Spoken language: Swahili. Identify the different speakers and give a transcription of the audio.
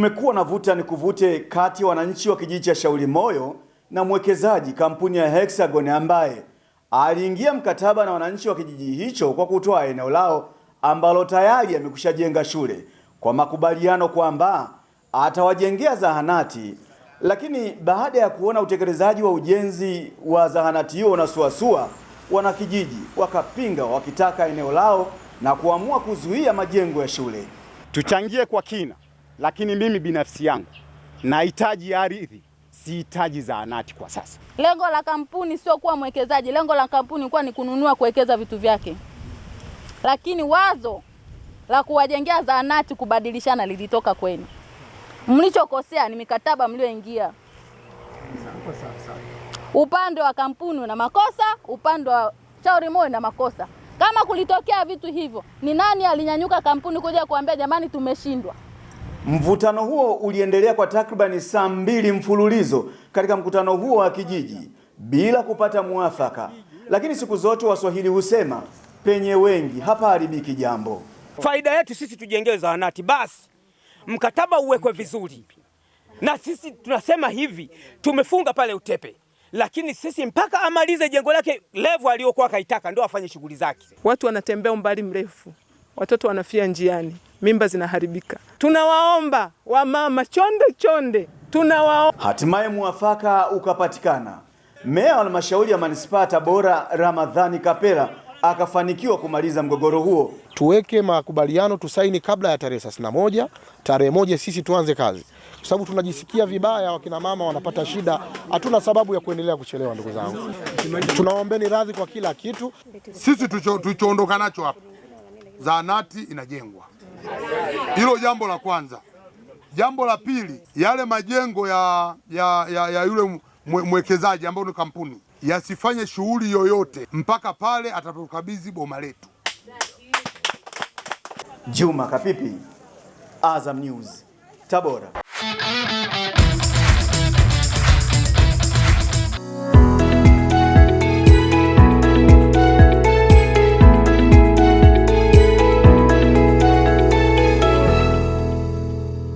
Speaker 1: Kumekuwa na vuta ni kuvute kati ya wananchi wa kijiji cha Shauri Moyo na mwekezaji kampuni ya Hexagon ambaye aliingia mkataba na wananchi wa kijiji hicho kwa kutoa eneo lao ambalo tayari amekushajenga shule kwa makubaliano kwamba atawajengea zahanati, lakini baada ya kuona utekelezaji wa ujenzi wa zahanati hiyo unasuasua, wanakijiji wakapinga wakitaka eneo lao na kuamua kuzuia majengo ya shule.
Speaker 2: Tuchangie kwa kina lakini mimi binafsi yangu nahitaji ardhi, sihitaji zahanati kwa sasa.
Speaker 3: Lengo la kampuni sio kuwa mwekezaji, lengo la kampuni kuwa ni kununua, kuwekeza vitu vyake, lakini wazo la kuwajengea zahanati, kubadilishana lilitoka kwenu. Mlichokosea ni mikataba mlioingia. Upande wa kampuni una makosa, upande wa shauri moyo na makosa. Kama kulitokea vitu hivyo, ni nani alinyanyuka kampuni kuja kuambia jamani, tumeshindwa?
Speaker 1: Mvutano huo uliendelea kwa takribani saa mbili mfululizo katika mkutano huo wa kijiji bila kupata mwafaka, lakini siku zote Waswahili husema penye wengi hapa haribiki jambo.
Speaker 4: Faida yetu sisi tujengewe zahanati, basi mkataba uwekwe vizuri, na sisi tunasema hivi, tumefunga pale Utepe lakini sisi mpaka amalize jengo lake levu aliyokuwa kaitaka ndio afanye shughuli zake.
Speaker 5: Watu wanatembea umbali mrefu watoto wanafia njiani, mimba zinaharibika. Tunawaomba wamama chonde chonde, tunawaomba.
Speaker 6: Hatimaye mwafaka ukapatikana. Meya wa halmashauri ya manispaa Tabora Ramadhani Kapela akafanikiwa kumaliza mgogoro huo.
Speaker 7: Tuweke makubaliano tusaini kabla ya tarehe 31, tarehe moja sisi tuanze kazi, kwa sababu tunajisikia vibaya, wakina mama wanapata shida. Hatuna sababu ya kuendelea kuchelewa. Ndugu zangu, tunaombeni radhi kwa kila kitu.
Speaker 8: Sisi tulichoondoka nacho hapa zahanati inajengwa. Hilo jambo la kwanza. Jambo la pili, yale majengo ya, ya, ya, ya yule mwekezaji ambayo ni kampuni yasifanye shughuli yoyote mpaka pale atapokabidhi boma letu.
Speaker 9: Juma Kapipi, Azam News, Tabora.